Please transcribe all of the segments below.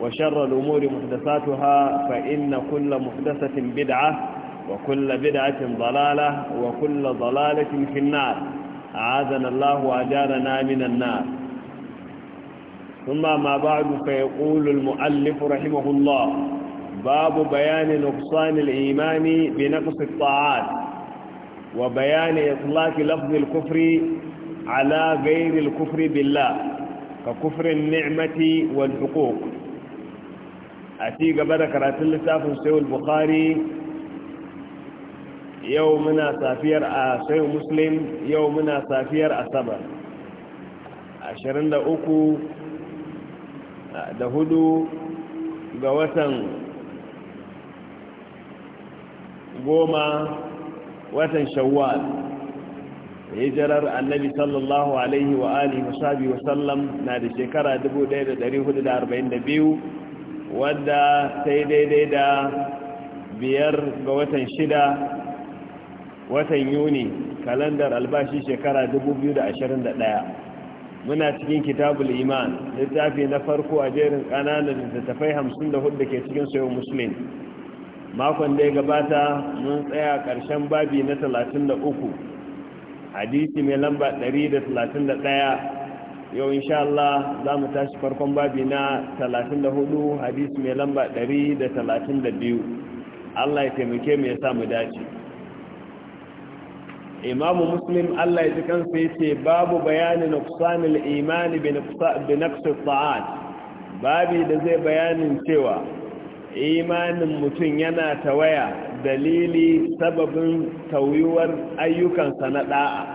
وشر الأمور محدثاتها فإن كل محدثة بدعة وكل بدعة ضلالة وكل ضلالة في النار أعاذنا الله وأجارنا من النار ثم ما بعد فيقول المؤلف رحمه الله باب بيان نقصان الإيمان بنقص الطاعات وبيان إطلاق لفظ الكفر على غير الكفر بالله ككفر النعمة والحقوق a ci gaba da karatun littafin sayul bukhari yau muna safiyar a sayul muslim yau muna safiyar asabar 23 da hudu ga watan goma watan shawwal hijirar annabi sallallahu alaihi wa alihi wasallam na da shekara 1442 wadda ta yi daidai da biyar ga watan shida watan yuni kalandar albashi shekara 2021 muna cikin kitabul iman littafi na farko a jerin kananan littattafai 54 da ke cikin sayo musulun makon da ya gabata mun tsaya karshen babi na 33 hadisi mai lamba 131 yau insha Allah za mu tashi farkon babi na 34 hadisi mai lamba 132 Allah ya taimake mu ya sa mu dace imamu muslim Allah ya ji kansa ya ce babu bayanin nuqsanil imani bi naqsi ta'at babi da zai bayanin cewa imanin mutum yana tawaya dalili sababin tauyuwar ayyukansa na ɗa'a.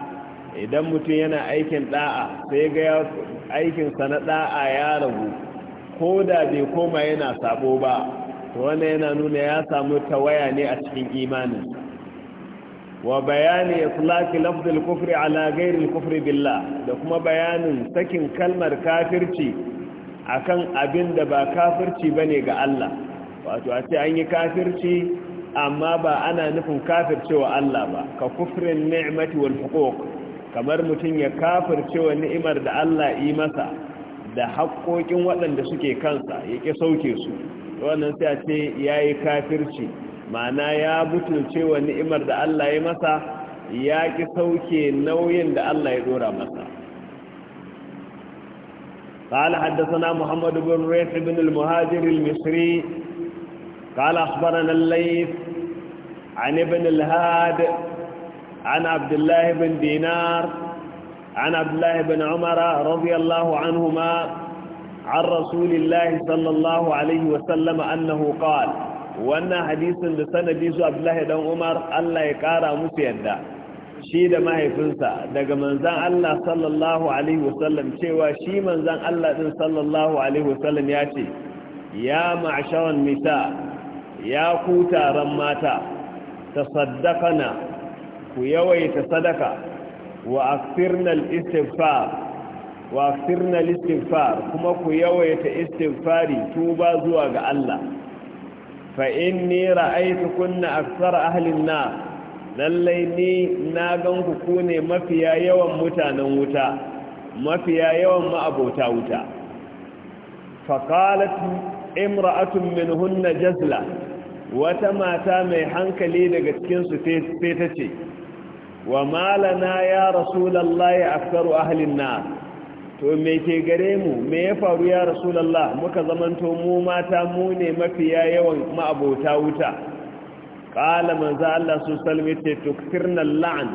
idan mutum yana aikin da'a sai ga aikinsa na da'a ya ragu ko da bai koma yana sabo ba to wannan yana nuna ya samu tawaya ne a cikin imanin wa bayani islaki lafzul kufri ala ghairi kufri billah da kuma bayanin sakin kalmar kafirci akan abin da ba kafirci bane ga Allah wato a ce an yi kafirci amma ba ana nufin kafircewa Allah ba ka kufrin ni'mati wal huquq kamar mutum ya kafirce wa ni'imar da Allah yi masa da haƙoƙin waɗanda suke kansa ya ƙi sauke su wannan sai a ce ya yi kafirci ma'ana ya butulce wa ni'imar da Allah yi masa ya ƙi sauke nauyin da Allah ya ɗora masa قال حدثنا محمد بن ريح بن المهاجر المصري قال أخبرنا الليث عن ابن الهاد عن عبد الله بن دينار عن عبد الله بن عمر رضي الله عنهما عن رسول الله صلى الله عليه وسلم أنه قال وأن حديث لسنديس عبد الله بن عمر ألا يقارى مسيدا shi da mahaifinsa daga manzan Allah sallallahu Alaihi wasallam cewa shi manzan Allah ɗin sallallahu Alaihi wasallam ya ce ya ma'ashawan ya ku taron mata ta saddakana ku yawaita sadaka wa aksirnal istighfar wa istighfar kuma ku yawaita istighfari tuba zuwa ga Allah fa inni ra'aytukunna aktsar ahli an-nar lallai ni na ganku ku ne mafiya yawan mutanen wuta mafiya yawan ma'abota wuta faqalat imra'atun minhunna jazla wata mata mai hankali daga cikinsu sai ta ce wa malana ya rasulallah ya aksaru ahalin na to me ke gare mu me ya faru ya rasulallah muka zamanto mu mata mu ne mafiya yawan ma'abota wuta ƙala manzo Allah su salmi ce tukfirnan la'an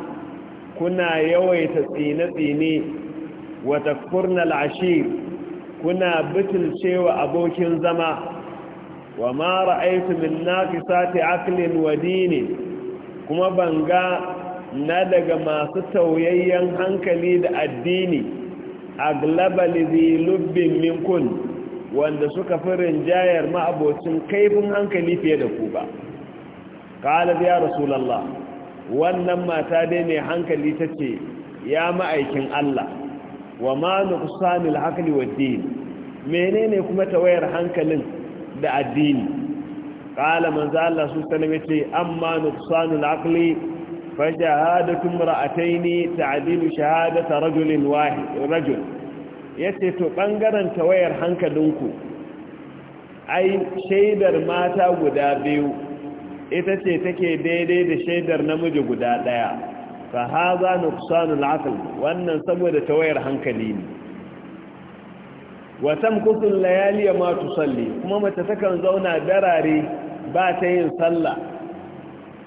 kuna yawaita tsine-tsine wa kurnal ashir kuna cewa abokin zama wa ma ra'aytu min nafisati aqlin wa dini kuma banga na daga masu tauyayyen hankali da addini aglaba lizi lubbin minkun wanda suka fi rinjayar ma'abocin kaifin hankali fiye da ku ba ƙalab ya rasulallah wannan mata dai mai hankali ta ce ya ma'aikin allah wa ma nuqsanil aqli wa din menene kuma tawayar hankalin da addini qala manzo Allah su sallame ce amma nuqsanul aqli fa shahadatu imra'ataini ta'dilu shahadata rajulin wahid rajul yace to bangaren tawayar hankalinku ai shaidar mata guda biyu ita ce take daidai da shaidar namiji guda daya fa hadha nuqsanul aql wannan saboda tawayar hankali ne wa kusin layaliya ma salli, kuma mace takan zauna darare ba ta yin sallah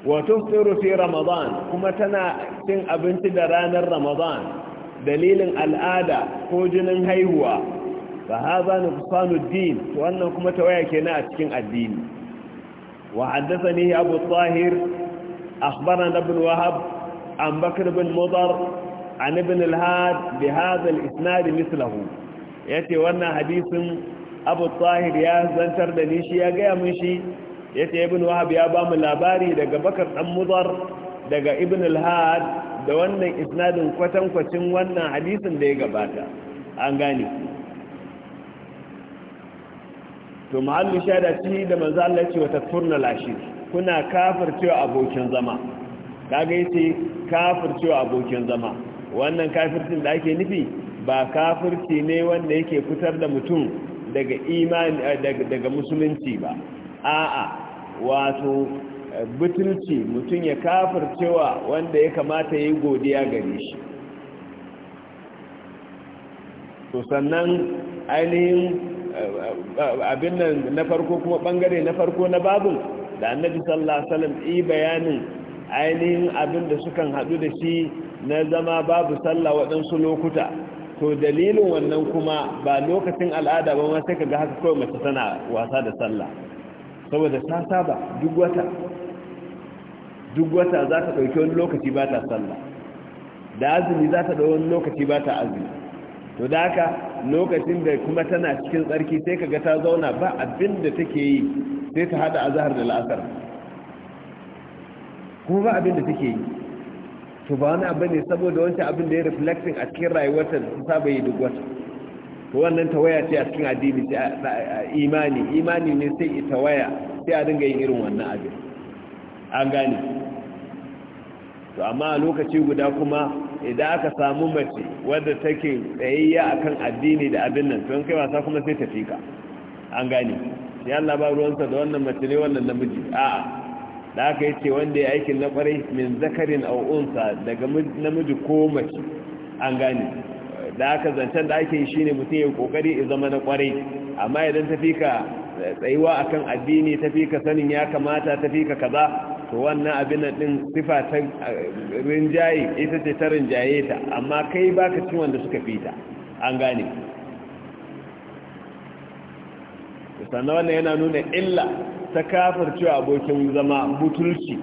wa tufsiru fi ramadan kuma tana cin abinci da ranar ramadan dalilin al'ada ko jinin haihuwa fa hadha nuqsanu din to wannan kuma tawaya kenan a cikin addini wa haddathani abu tahir akhbarana ibn wahab an bakr ibn mudar an ibn al-had bi hadha al-isnad mithluhu yace wannan hadisin abu tsahir ya zantar da ni shi ya gaya mun shi ya ce ibn wahab ya ba mu labari daga bakar dan mudar daga ibn al-had da wannan isnadin kwatankwacin wannan hadisin da ya gabata an gane to mahallu shaida ci da manzo Allah ya ce wa tafurna lashi kuna cewa abokin zama kaga yace cewa abokin zama wannan kafircin da ake nufi ba kafirci ne wanda yake fitar da mutum daga imani eh, daga musulunci ba a'a wato eh, butulci mutum ya kafircewa wanda ya kamata ya yi godiya gare shi to sannan ainihin eh, abin nan na farko kuma bangare na farko na babu da annabi sallallahu alaihi wasallam yi bayanin ainihin abin da sukan hadu da shi na zama babu sallah waɗansu lokuta to dalilin wannan kuma ba lokacin al'ada ba ma sai ka ga haka kawai mace tana wasa da sallah saboda ta saba duk wata duk wata za ta ɗauki wani lokaci ba ta sallah da azumi za ta ɗauki wani lokaci ba ta azumi to da haka lokacin da kuma tana cikin tsarki sai ka ga ta zauna ba abin da take yi sai ta hada azahar da la'asar kuma ba abin da take yi to ba wani abu ne saboda wancan abin da ya reflecting a cikin rayuwarta da su saba yi duk wata to wannan tawaya ce a cikin addini ce a imani imani ne sai ita waya sai a dinga yin irin wannan abin an gane to amma a lokaci guda kuma idan aka samu mace wadda take tsayayya akan addini da abin nan to kai wasa kuma sai ta fika an gane sai Allah ba ruwansa da wannan mace ne wannan namiji a'a da aka yi ce wanda ya aikin na kwarai min zakarin au'unsa daga namiji ko mace an gane da aka zancen da ake shi ne mutum ya kokari ya zama na kwarai amma idan ta fi ka tsayuwa a kan addini ta fi ka sanin ya kamata ta fi ka kaza to wannan abin da ɗin sifa ta eh, rinjaye ita ce ta rinjaye ta amma kai ba ka cin wanda suka fi ta an gane sannan wannan yana nuna illa ta kafar cewa abokin zama butulci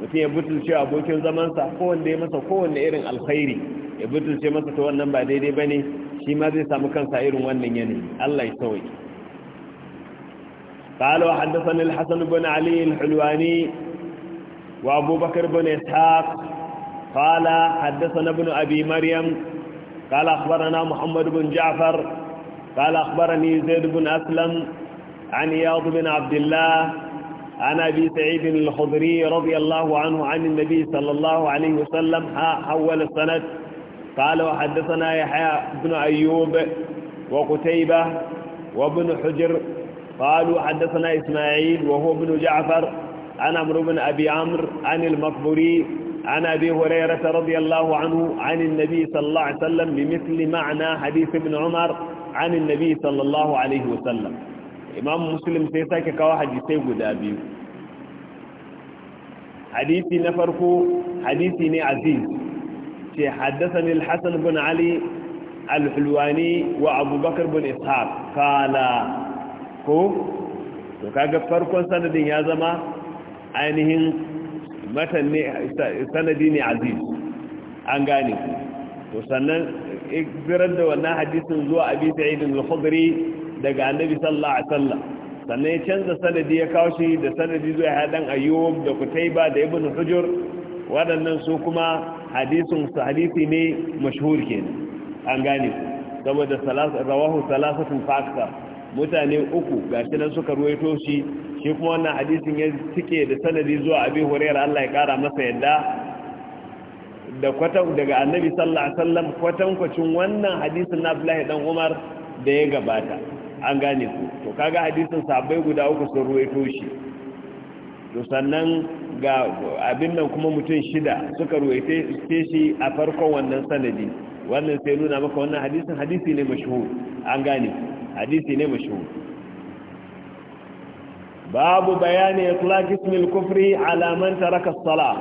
mutum ya butulce abokin zamansa kowanne ya masa kowanne irin alkhairi ya butulce masa ta wannan ba daidai ba ne shi ma zai samu kansa irin wannan yanayi Allah ya sauki قال وحدثنا الحسن بن علي الحلواني وابو بكر بن اسحاق قال حدثنا ابن ابي مريم قال اخبرنا محمد بن جعفر قال اخبرني زيد بن اسلم عن إياض بن عبد الله عن أبي سعيد الخضري رضي الله عنه عن النبي صلى الله عليه وسلم حول السند قال وحدثنا يحيى بن أيوب وقتيبة وابن حجر قالوا حدثنا إسماعيل وهو ابن جعفر عن عمرو بن أبي عمرو عن المقبوري عن أبي هريرة رضي الله عنه عن النبي صلى الله عليه وسلم بمثل معنى حديث ابن عمر عن النبي صلى الله عليه وسلم imamu muslim sai sake kawo hadisai guda biyu hadisi na farko hadisi ne aziz ce haddasani hasan bin ali al-hulwani wa abubakar bin ishaq kala ko to kaga farkon sanadin ya zama ainihin matan ne sanadi ne aziz an gane to sannan ibirar da wannan hadisin zuwa abi sa'id al-khudri daga annabi sallallahu alaihi wasallam sannan ya canza sanadi ya kawo shi da sanadi zuwa hadan ayyub da kutaiba da ibnu hujur waɗannan su kuma hadisin su hadisi ne mashhur kenan an gane saboda rawahu salasatun fakta mutane uku gashi nan suka ruwaito shi shi kuma wannan hadisin ya cike da sanadi zuwa abi hurairah Allah ya kara masa yadda da kwatan daga annabi sallallahu alaihi wasallam kwatankwacin wannan hadisin na Abdullahi dan Umar da ya gabata an gane ku to kaga hadisin sabai guda uku sun ruwaito shi to sannan ga abin nan kuma mutum shida suka ruwaite shi a farkon wannan sanadi wannan sai nuna maka wannan hadisin hadisi ne mashhur an gane hadisi ne mashhur babu bayani itlaq ismil kufri ala man taraka as-salah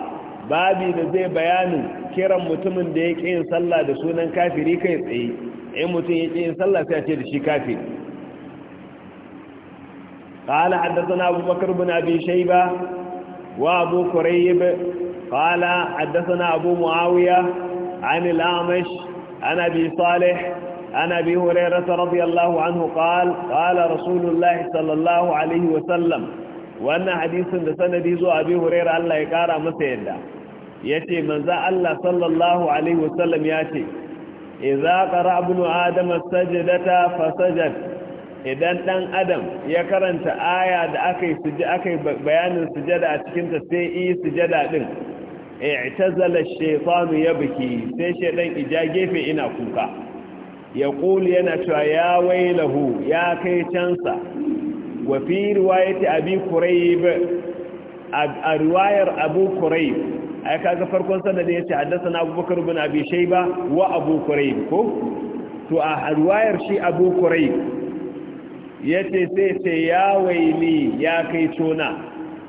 babi da zai bayani kiran mutumin da yake yin sallah da sunan kafiri kai tsaye eh mutum yake yin sallah sai a ce da shi kafiri قال حدثنا أبو بكر بن أبي شيبة وأبو كريب قال حدثنا أبو معاوية عن الأعمش عن أبي صالح عن أبي هريرة رضي الله عنه قال قال رسول الله صلى الله عليه وسلم وأن حديث لسنديز أبي هريرة الله يقارى مسيدا يتي من ذا الله صلى الله عليه وسلم يأتي إذا قرأ ابن آدم السجدة فسجد idan dan adam ya karanta aya da aka yi bayanin sujada a cikinta sai yi sujada din i'tazala ya yabki sai shaydan ija gefe ina kuka ya kuli yana cewa ya waylahu ya kai cansa wa fi riwayati abi kurayb a riwayar abu kurayb ai kaga farkon sanadin yace haddathana abubakar ibn abi shayba wa abu kurayb ko to a riwayar shi abu kurayb ya ce sai ce ya waili ya kai tona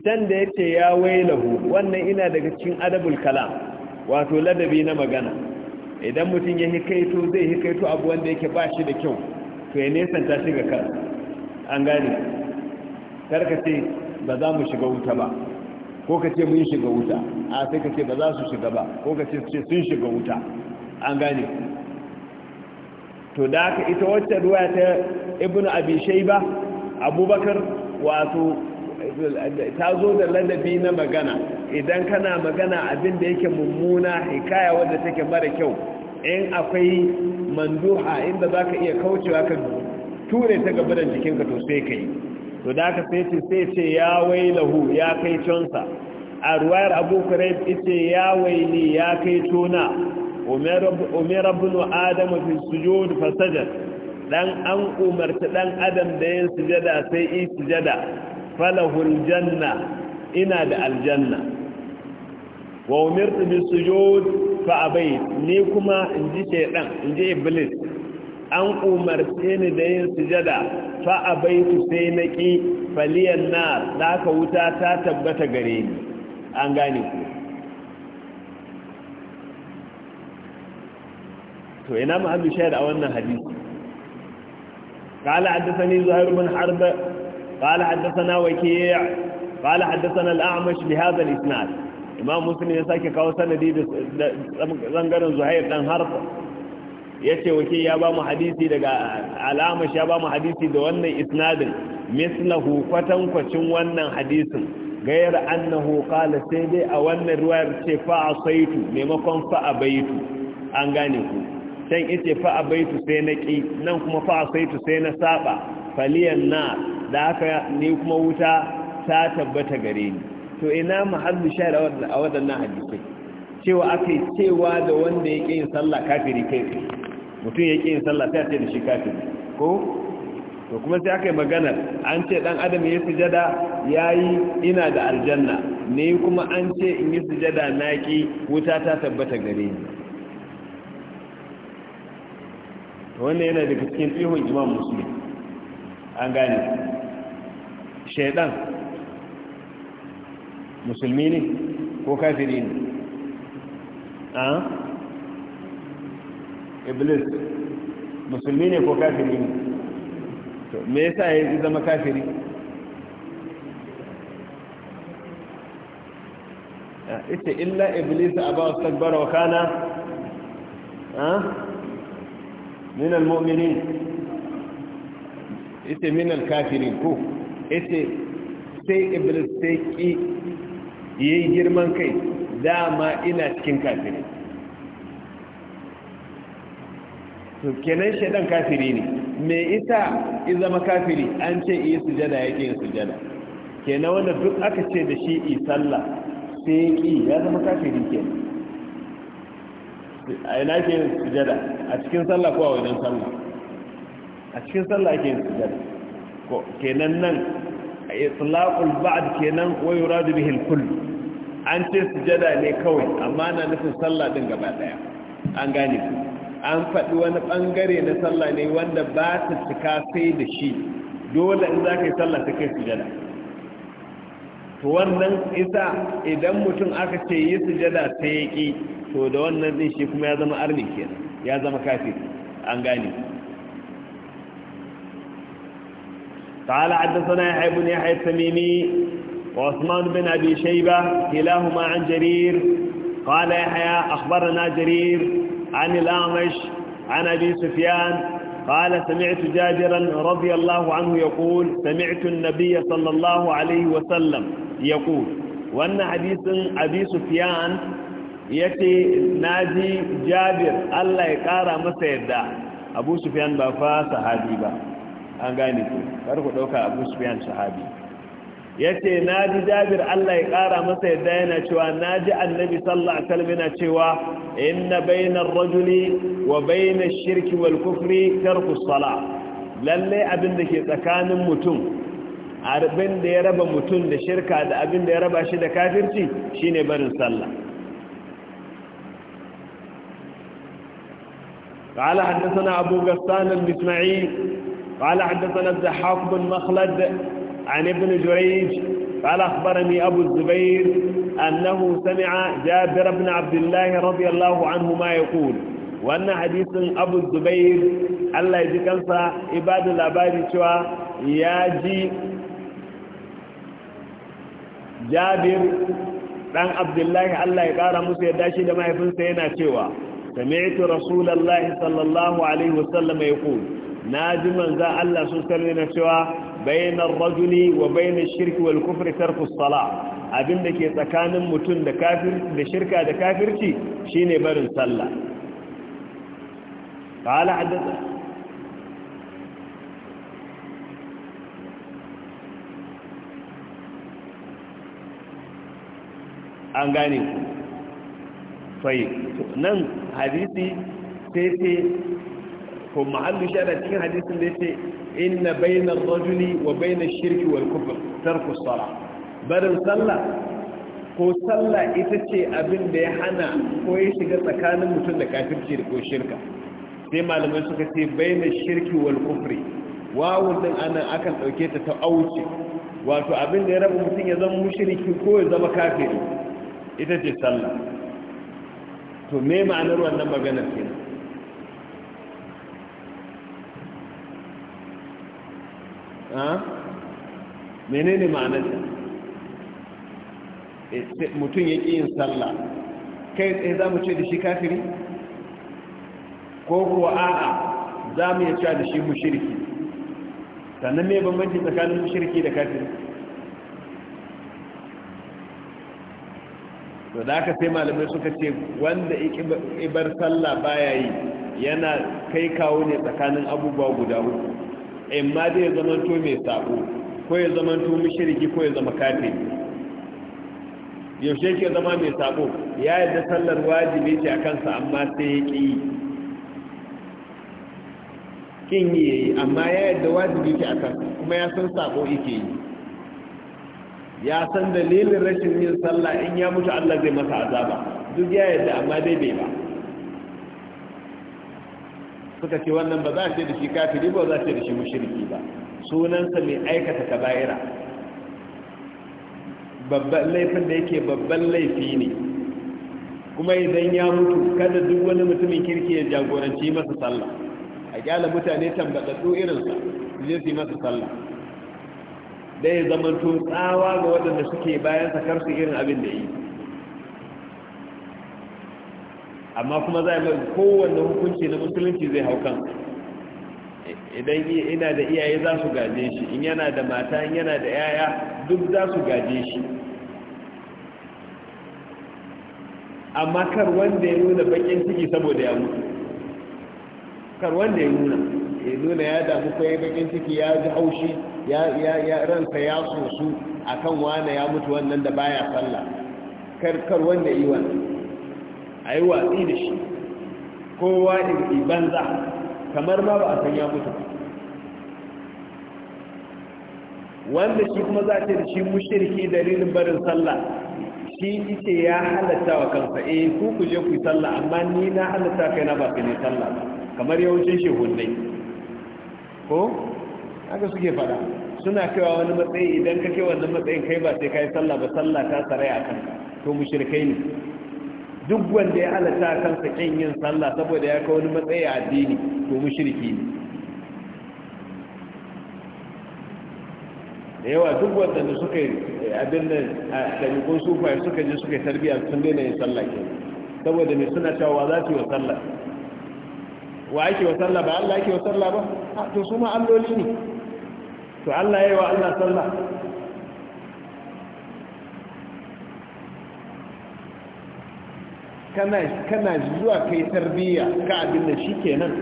can da ya ce ya wailahu wannan ina daga cikin adabul kalam wato ladabi na magana idan mutum ya hikaito zai hikaito abu wanda yake ba shi da kyau to ya nesanta shi ga kan an gane karka ce ba za mu shiga wuta ba ko ka ce mun shiga wuta a sai ka ce ba za su shiga ba ko ka ce sun shiga wuta an gane to da aka ita wacce ruwa ta Ibn abi shayba abubakar wato ta zo da ladabi na magana idan kana magana abin da yake mummuna hikaya wadda take mara kyau in akwai manduha inda za ka iya kaucewa ka ture ta gaba jikinka to sai ka to da aka sai ce sai ce ya wai lahu ya kai consa a ruwayar abu ce ya wai ne ya kai tona umira bin adam fi sujud fasajad dan an umarta dan adam da yin sujada sai yi sujada falahul janna ina da aljanna wa umirtu bis sujud fa abai ni kuma inji shedan inji iblis an umarce ni da yin sujada fa abai su sai naki faliyan nar da ka wuta ta tabbata gare ni an gane ku to ina muhammadu shahid a wannan hadisi قال حدثني زهير بن حرب قال حدثنا وكيع قال حدثنا الأعمش بهذا الإسناد imam muslim ya sake kawo sanadi da zangaren zuhair dan harfa ya ce ya ba mu hadisi daga alamash ya bamu hadisi da wannan isnadin mislahu kwatankwacin wannan hadisin gayar annahu sai dai a wannan ruwayar ce fa asaitu maimakon fa abaitu an gane ku can ita fa abaitu sai na ƙi nan kuma fa asaitu sai na saba faliyan na da haka ni kuma wuta ta tabbata gare ni to ina mahallu shahid a waɗannan hadisai cewa aka cewa da wanda ya ƙi yin sallah kafiri kai mutum ya ƙi yin sallah sai a ce da shi kafiri ko to kuma sai aka yi maganar an ce dan adam ya sujada yayi ina da aljanna ne kuma an ce in yi sujada naki wuta ta tabbata gare ni wannan yana daga cikin tsohon imam musulun an gane shaidan musulmi ne ko kafiri ne a iblis musulmi ne ko kafiri ne to me yasa ya zama kafiri ita illa iblis abawa ba wa kana a من المؤمنين ita من الكافرين ko ita sai iblis sai ki yayi girman kai dama ina cikin kafiri to kenan shedan kafiri ne me isa in zama kafiri an ce iya sujada yake yin sujada kenan wanda duk aka ce da shi i sallah sai yi ya zama kafiri kenan ai ina ke sujada a cikin sallah ko a wajen sallah a cikin sallah ake yin sujada ko kenan nan itlaqul ba'd kenan wa yuradu bihi al-kull an ce sujada ne kawai amma na nufin sallah din gaba daya an gane ku an faɗi wani bangare na sallah ne wanda ba ta cika sai da shi dole in za ka yi sallah ta kai sujada to wannan isa idan mutum aka ce yi sujada ta yaƙi to da wannan din shi kuma ya zama arni kenan ya zama kafir an gane قال حدثنا يحيى بن يحيى التميمي وعثمان بن أبي شيبة كلاهما عن جرير قال يحيى أخبرنا جرير عن الأعمش عن أبي سفيان قال سمعت جابرا رضي الله عنه يقول سمعت النبي صلى الله عليه وسلم يقول وأن حديث أبي سفيان ya ce na ji jabir allah ya kara masa yadda abu sufiyan ba fa sahabi ba an gane ku kar ku ɗauka abu sufiyan sahabi ya ce na ji jabir allah ya kara masa yadda yana cewa na ji annabi sallallahu alaihi wasallam yana cewa inna bainar rajuli wa bainar shirki wal kufri tarku sala lalle abin da ke tsakanin mutum abin da ya raba mutum da shirka da abin da ya raba shi da kafirci shine barin sallah قال حدثنا أبو غسان المسمعي قال حدثنا الزحاق بن مخلد عن ابن جريج قال أخبرني أبو الزبير أنه سمع جابر بن عبد الله رضي الله عنهما يقول وأن حديث أبو الزبير الله يذكرها عباد الأباد شوى ياجي جابر ɗan abdullahi Allah ya ƙara musu ya dashi da mahaifinsa yana cewa سمعت رسول الله صلى الله عليه وسلم يقول ناجما ذا الله سلسلنا سوى بين الرجل وبين الشرك والكفر ترك الصلاة abin da ke tsakanin mutum da kafir da shirka da kafirci shine barin sallah qala hadatha an gane ku sai nan hadisi sai sai ko shi shada cikin hadisin da yace inna bainar rajuli wa bainar shirki wal kufr tarku salah barin sallah ko sallah ita ce abin da ya hana ko ya shiga tsakanin mutum da kafirci da ko shirka sai malamai suka ce bainar shirki wal kufri wawun din ana akan dauke ta ta auce wato abin da ya raba mutum ya zama mushriki ko ya zama kafiri ita ce sallah to me ma'anar wannan maganar ke ne ma'anar ta eh, mutum ya ƙi yin sallah kai tsaye za mu ce da shi kafiri ko kuwa a'a za mu yi cewa da shi mushirki sannan me banbancin tsakanin mushirki da kafiri to da aka sai malamai suka ce wanda ibar sallah baya yi yana kai kawo ne tsakanin abubuwa guda uku amma dai ya to mai sako ko ya to mushriki ko ya zama kafiri yaushe ke zama mai sako ya yadda sallar wajibi ce a kansa amma sai ya ƙi kin yi amma ya yadda wajibi ce a kansa kuma ya san sako yake yi ya san dalilin rashin yin sallah in ya mutu Allah zai masa azaba duk ya da amma dai bai ba suka ce wannan ba za a ce da shi kafiri ba za a ce da shi mushriki ba sunansa mai aikata kaba'ira babban laifin da yake babban laifi ne kuma idan ya mutu kada duk wani mutumin kirki ya jagoranci masa sallah a gyala mutane tambatattu irinsa su je su yi masa sallah da ya zamanto tsawa ga waɗanda suke bayan sakar su irin abin da yi amma kuma za a mai kowanne hukunci na musulunci zai hau kan idan ina da iyaye za su gaje shi in yana da mata in yana da yaya duk za su gaje shi amma kar wanda ya nuna bakin ciki saboda ya mutu kar wanda ya nuna ya nuna ya damu ko ya bakin ciki ya ji haushi ya ranta ya sosu kan wane ya mutu wannan da baya sallah karkar wanda yi wannan a yi watsi da shi kowa in banza kamar ma ba a san ya mutu wanda shi kuma za ta da shi mushirki dalilin barin sallah shi ita ya halatta wa kansa e ku ku je ku sallah amma ni na halatta kai na ba ka ne sallah kamar yawancin shehunai ko haka suke fada suna kaiwa wani matsayi idan ka kai wannan matsayin kai ba sai kai sallah ba sallah ta tsare a kanka to mushrikai ne duk wanda ya halatta kansa kin yin sallah saboda ya kai wani matsayi a addini to mushriki ne da yawa duk wanda suka yi eh, abin da ɗabi'un sufaye suka ji suka yi tarbiyya sun daina yin sallah ke saboda mai suna cewa za su yi wa sallah wa ake wa sallah ba Allah ake wa sallah ba to su ma alloli ne to Allah ya yi wa Allah sallah kana zuwa kai tarbiyya ka abin da shi kenan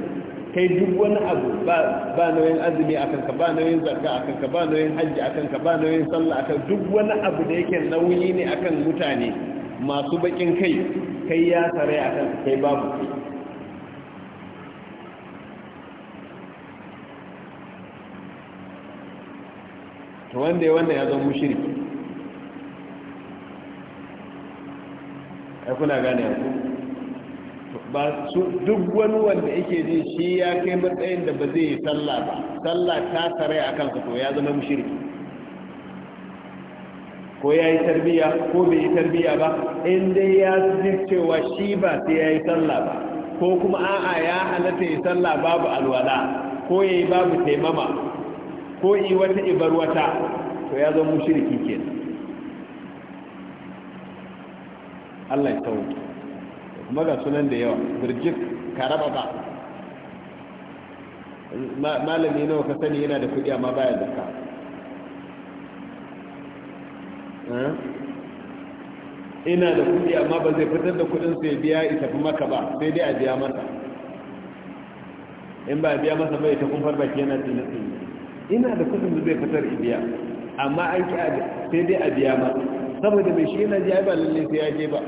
kai duk wani abu ba nauyin azumi a kanka ba nauyin zarka a kanka ba nauyin hajji a kanka ba nauyin sallah a kanka duk wani abu da yake nauyi ne akan mutane masu bakin kai kai ya tsare a kanka kai babu kai to wanda ya wannan ya zama mushiri ai kuna gane ku ba su duk wani wanda yake ji shi ya kai matsayin da ba zai yi sallah ba sallah ta tsare a kansa to ya zama mushiri ko ya yi tarbiya ko bai yi tarbiya ba in dai ya ji cewa shi ba sai ya yi sallah ba ko kuma a'a ya halatta yi sallah babu alwala ko ya yi babu taimama ko yi wata ibar wata to ya zama mushriki kenan Allah ya tawo kuma ga sunan da yawa birjik karaba ba malami nawa ka sani yana da kudi amma baya ka eh? ina da kudi amma ba zai fitar da kudin sai biya ya tafi maka ba sai dai a biya masa in ba a biya masa bai ta kun farba ke yana tsinatsini ina da kusan zube zai fitar ibiya amma an ki sai dai a biya ma saboda mai shi yana ji ba lalle sai ya je ba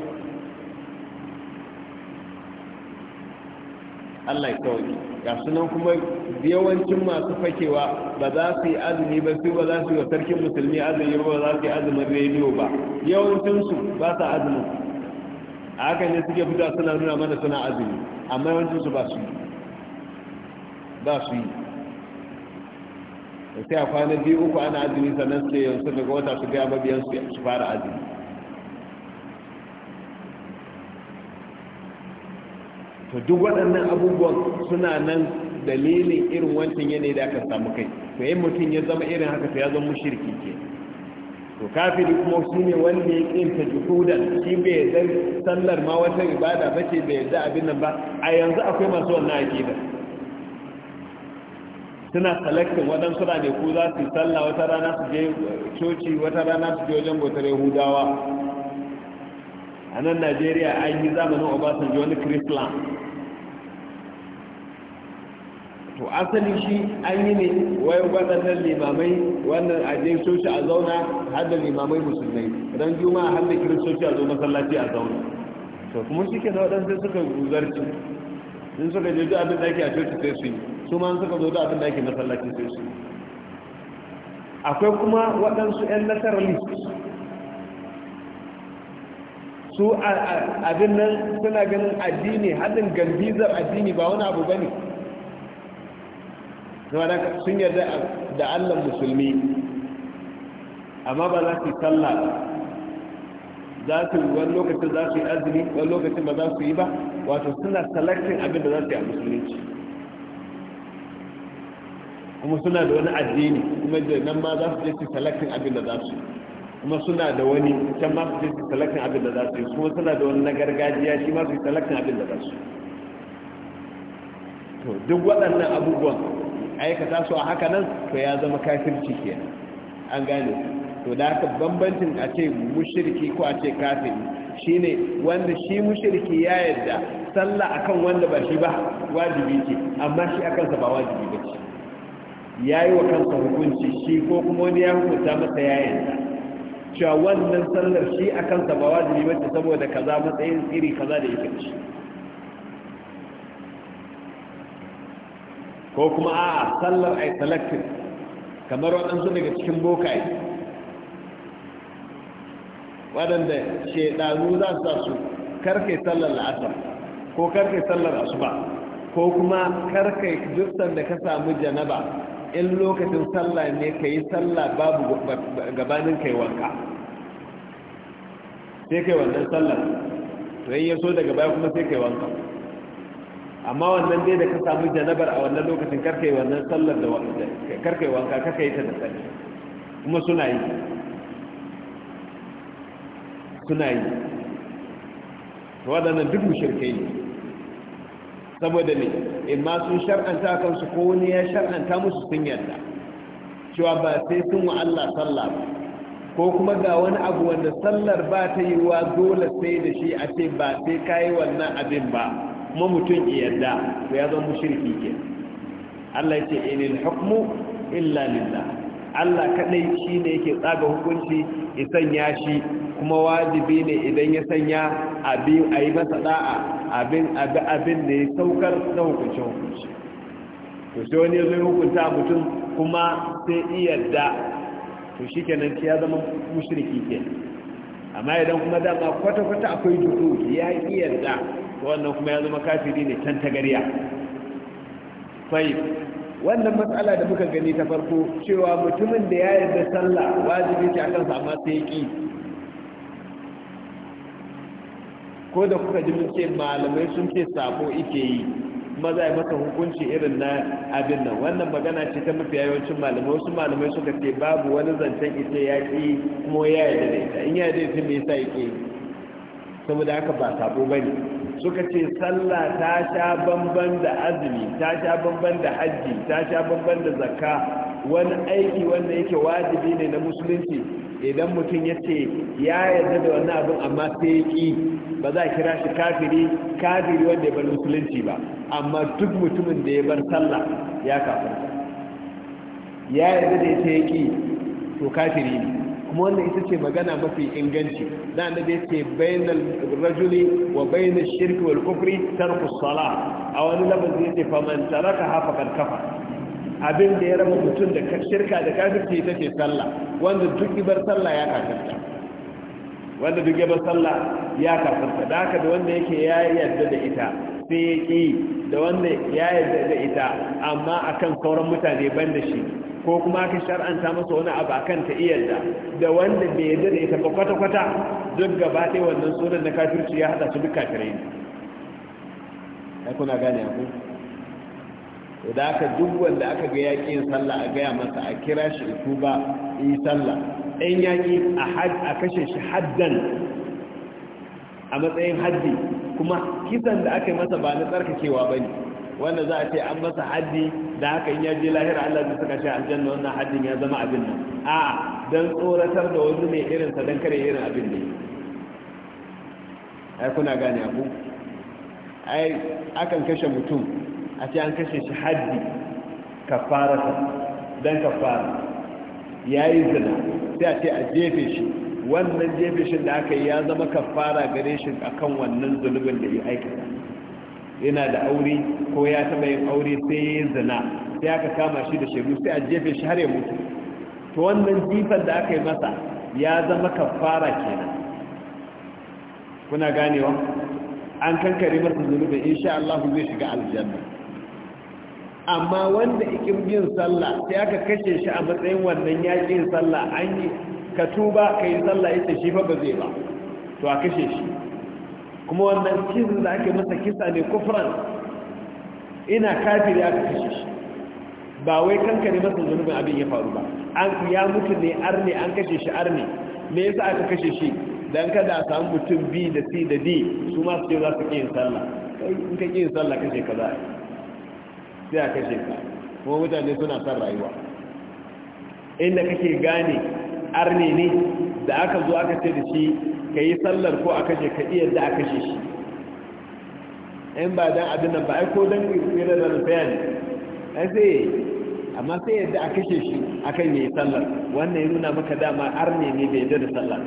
Allah ya kawai ga sunan kuma yawancin masu fakewa ba za su yi azumi ba su ba za su yi wa sarkin musulmi azumi ba za su yi azumin rediyo ba yawancinsu ba sa azumin a haka ne suke fita suna nuna mana suna azumi amma yawancinsu ba su yi ba su yi sai a kwana biyu uku ana azumi sannan yau yanzu daga wata su gaya mabiyan su fara azumi to duk waɗannan abubuwan suna nan dalilin irin wancan yanayi da aka samu kai to yin mutum ya zama irin haka to ya zama mushirki ke to kafin kuma shi ne wanda ya kinta juhudan shi bai yarda sallar ma wata ibada ce bai yarda abin nan ba a yanzu akwai masu wannan akidar suna kalaktin waɗansu ne ku za su yi sallah wata rana su je coci wata rana su je wajen bautar yahudawa a nan najeriya an yi zamanin obasanjo wani krislam to asali shi an yi ne wai waɗannan limamai wannan a je coci a zauna har da limamai musulmai don juma har da kiristoci a zo masallaci a zauna to kuma shi ke na waɗansu suka zarci sun suka jeji abin da ake a coci sai su yi su ma suka zo da abin da ake masallaci sai su akwai kuma waɗansu 'yan nasarar su abin nan suna ganin addini haɗin gambizar addini ba wani abu ba ne sun yarda da allah musulmi amma ba za su yi sallah za su wani lokacin za su yi azumi wani lokacin ba za su yi ba wato suna salaktin abin da za su yi a musulunci kuma suna da wani addini kuma da nan ma za su je su salakin abin da za su kuma suna da wani can ma su je su salakin abin da za su kuma suna da wani na gargajiya shi ma su salakin abin da za su to duk waɗannan abubuwan aikata su a haka nan to ya zama kafirci ke an gane to da haka bambancin a ce mushriki ko a ce kafiri shine wanda shi mushriki ya yarda sallah akan wanda ba shi ba wajibi ce amma shi akan sa ba wajibi ba ce ya yi wa kansa hukunci shi ko kuma wani ya hukunta masa ta cewa wannan sallar shi a kansa ba wajibi mace saboda kaza matsayin iri kaza da yake shi ko kuma a sallar ai selective kamar waɗansu daga cikin bokaye waɗanda shaidanu za su sa su karfe sallar la'asar ko karfe sallar asuba ko kuma karfe dukkan da ka samu janaba in lokacin sallah ne ka yi sallah babu gabanin kai wanka sai kai wannan sallah to ya so daga baya kuma sai kai wanka amma wannan dai da ka samu janabar a wannan lokacin karka yi wannan sallar da karka yi wanka karka yi ta da tsari kuma suna yi suna yi waɗannan duk mushirkai ne saboda ne ma sun shar'anta kansu ko wani ya shar'anta musu sun yarda cewa ba sai sun wa Allah sallah ba ko kuma ga wani abu wanda sallar ba ta yi wa dole sai da shi a ce ba sai ka yi wannan abin ba kuma mutum yarda ya zama mushriki ke Allah ya ce inil hukmu illa lillah Allah kaɗai shi ne yake tsaga hukunci ya sanya shi kuma wajibi ne idan ya sanya abin a yi masa da'a abin abin da ya saukar na hukuncin hukunci to sai wani zai hukunta mutum kuma sai iya da to shi kenan ya zama mushriki ke amma idan kuma dama kwata-kwata akwai dudu ya ƙi yarda wannan kuma ya zama kafiri ne can ta gariya wannan matsala da muka gani ta farko cewa mutumin da ya yarda sallah wajibi ce akan sa amma sai ki ko da kuka ji mun ce malamai sun ce sabo ike yi kuma za a masa hukunci irin na abin nan wannan magana ce ta mafi yawancin malamai wasu malamai suka ce babu wani zancen ita ya ki kuma ya yarda da ita in ya yarda ita me yasa yake saboda haka ba sabo bane suka ce sallah ta sha bamban da azumi ta sha bamban da hajji ta sha bamban da zakka wani aiki wanda yake wajibi ne na musulunci idan mutum ya ce ya yarda da wannan abin amma sai ya ba za a kira shi kafiri kafiri wanda ya bar musulunci ba amma duk mutumin da ya bar sallah ya kafirta ya yarda da ya ce ya to kafiri ne kuma wannan ita ce magana mafi inganci da ya ce bainal rajuli wa bainash shirki wal kufri tarku salah a wani da yace faman taraka ha faqad kafa abin da ya raba mutum da shirka da kafirci ita ce sallah wanda duk ibar sallah ya kafirta wanda duk ibar sallah ya kafirta da haka da wanda yake ya yarda da ita sai ya ki da wanda ya yarda da ita amma akan sauran mutane ban da shi ko kuma ka shar'anta masa wani abu akan ta iyalda da wanda bai yarda da ita kwata kwata duk gaba ɗaya wannan sunan na kafirci ya hada su duk kafirai ne ai kuna gane ku da aka duk wanda aka ga yaƙin sallah a gaya masa a kira shi ba yi sallah ɗan yaƙi a kashe shi haddan a matsayin haddi kuma kisan da aka yi masa ba na tsarkakewa ba ne wanda za a ce an masa haddi da haka in ya je lahira Allah zai saka shi aljanna wannan haddin ya zama abin nan a dan tsoratar da wani ne irin sa dan kare irin abin ne ai kuna gane abu ai akan kashe mutum a ce an kashe shi haddi kafara dan kafara yayi zina sai a ce a jefe shi wannan jefe shi da aka yi ya zama kafara gare shi akan wannan zulubin da ya aikata yana da aure ko ya taba yin aure sai ya zina sai aka kama shi da shaidu sai a jefe shi har ya mutu to wannan jifan da aka yi masa ya zama kafara kenan kuna ganewa an kankare masa zunubi insha Allah zai shiga aljanna amma wanda ikin bin sallah sai aka kashe shi a matsayin wannan yakin sallah an yi ka tuba ka yi sallah ita shi fa ba zai ba to a kashe shi kuma wannan kisan da ake masa kisa ne kufran ina kafiri aka kashe shi ba wai kankare masa zunubin abin ya faru ba an ya mutu ne arne an kashe shi arne me yasa aka kashe shi dan kada a samu mutum B da C da D su ma su ce za su kiyin sallah in ka kiyin sallah kashe ka za sai a kashe ka kuma mutane suna son rayuwa inda kake gane arne ne da aka zo aka ce da shi ka yi sallar ko a kashe ka iya da a kashe shi in ba don abin nan ba ai ko don tsira da rufaya ne ɗan sai amma sai yadda a kashe shi akan yi sallar wannan ya nuna maka dama arne ne bai yadda da sallar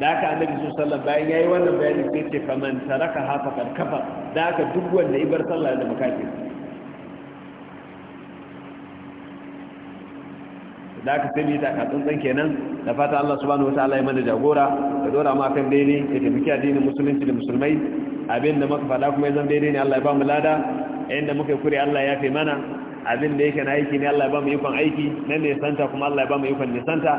da aka annabi su sallar bayan ya yi wannan bayani sai ce faman taraka hafa karkafa da aka duk wanda bar sallar da makafir da aka sani da ka tsantsan kenan da fata Allah subhanahu ta'ala ya mana jagora da dora ma kan daidai da taimaki addinin musulunci da musulmai abin da muka fada kuma ya zan daidai ne Allah ya ba mu lada inda muka kure Allah ya fi mana abin da yake na aiki ne Allah ya ba mu ikon aiki Nan na santa kuma Allah ya ba mu ikon santa.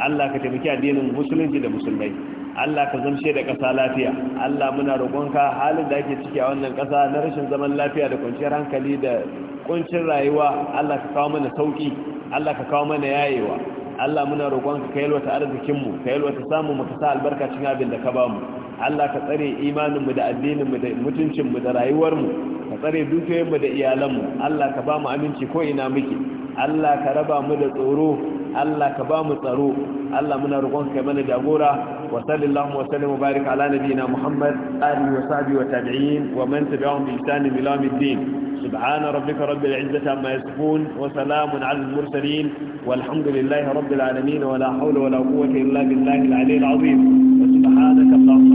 Allah ka taimaki addinin musulunci da musulmai Allah ka zamshe da ƙasa lafiya Allah muna roƙonka halin da ake ciki a wannan ƙasa na rashin zaman lafiya da kwanciyar hankali da kuncin rayuwa Allah ka kawo mana sauki Allah ka kawo mana yayewa Allah muna roƙonka ka yalwata arzikinmu ka yalwata samunmu ka sa albarka cikin abin da ka ba mu Allah ka tsare imaninmu da addininmu da mutuncinmu da rayuwarmu ka tsare dukiyoyinmu da iyalanmu Allah ka ba mu aminci ko ina muke Allah ka raba mu da tsoro Allah ka ba mu tsaro Allah muna roƙonka ka mana jagora wa sallallahu wa sallam wa barik ala nabiyyina Muhammad alihi wa sahbihi wa tabi'in wa man tabi'ahum bi ihsan ila yawmiddin سبحان ربك رب العزة عما يصفون وسلام على المرسلين والحمد لله رب العالمين ولا حول ولا قوة إلا بالله العلي العظيم وسبحانك اللهم